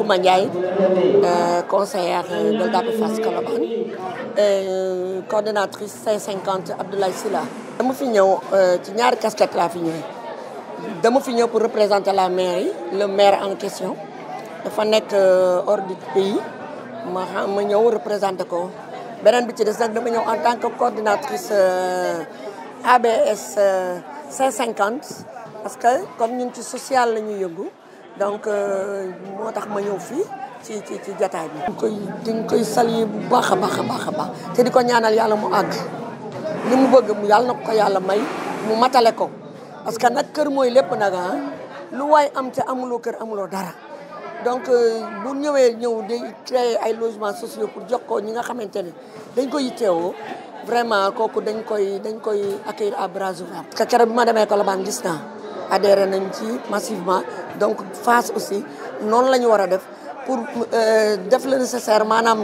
Je Ndiaye euh, conseillère euh, de coordinatrice euh, coordonnatrice 550 Abdoulaye Sylla Je suis venu pour représenter la mairie le maire en question hors du pays ma représenter en tant que coordinatrice ABS 550 parce que comme sociale ci la donc euh, moo tax ma ñëw fii ci ci ci jataay bi. dañ koy dañ koy saluer bu baax a baax baax a te di ko ñaanal yàlla mu àgg li mu bëgg mu yàlla na ko yàlla may mu matale ko parce que nag kër mooy lépp nag ah. lu waay am te amuloo kër amuloo dara. donc euh, bu ñëwee ñëw day créer ay logements sociaux pour jox ko ñi nga xamante ne dañ koy yitteewoo vraiment kooku dañ koy dañ koy accueillir à bras ouverts. parce keroog bi ma demee Colobane gis naa. adhérer massivement donc face aussi non la nous faire pour euh, def le nécessaire maanaam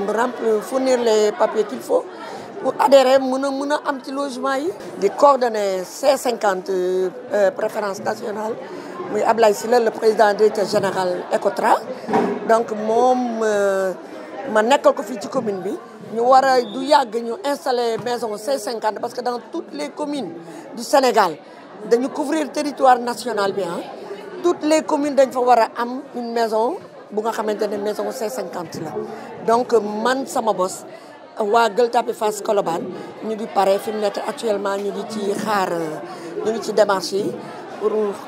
fournir les papiers qu'il faut pour adhérer pour a mën logement yi. di coordonner C50 euh, préférences nationales, je Ablaye le président directeur général Ecotra donc mon euh, ma nekkal ko fii ci commune nous war a du yàgg ñu installer maison C50 parce que dans toutes les communes du Sénégal dañu couvrir territoire national bien. Hein. toutes les communes doivent avoir une maison bu nga une maison C50 la donc man sama boss, waa Gueule Tapée Fass Colobane ñu ngi pare fi actuellement ñu ngi ci xaar ñu ci démarche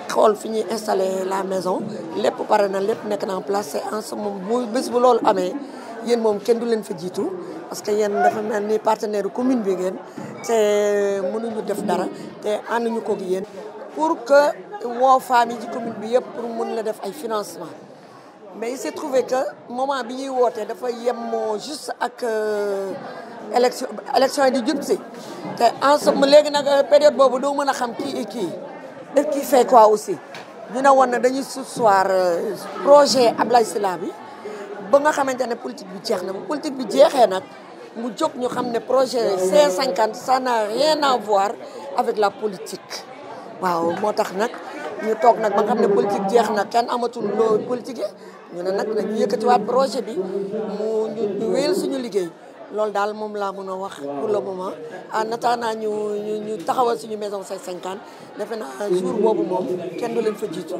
pour finir installer la maison les pare na en place c'est en ce moment bu bés yéen moom kenn du leen fa jiitu parce que yéen dafa mel ni partenaire commune bi ngeen te mënuñu def dara te ànduñu koog yéen. pour que woo femmes yi ci commune bi yëpp pour mun la def ay financement mais il s'est trouvé que moment bi ñuy wootee dafa yemoo juste ak euh, élection élection yi di jub si te ensemble léegi nag euh, période boobu doo mën a xam kii et kii def kii fait quoi aussi ñu ne woon na dañuy soir euh, projet Ablaye Sylla bi. ba nga xamante ne politique bi jeex na bu politique bi jeexee nag mu jóg ñu xam ne projet C50 ça n'a rien à voir avec la politique waaw moo tax nag ñu toog nag ba nga xam ne politique jeex na kenn amatul loo politique ñu ne nag dañu yëkkatiwaat projet bi mu ñu ñu suñu liggéey loolu daal moom laa mun a wax pour le moment en attendant ñu ñu ñu taxawal suñu maison C50 defe naa jour boobu moom kenn du leen fa jiitu.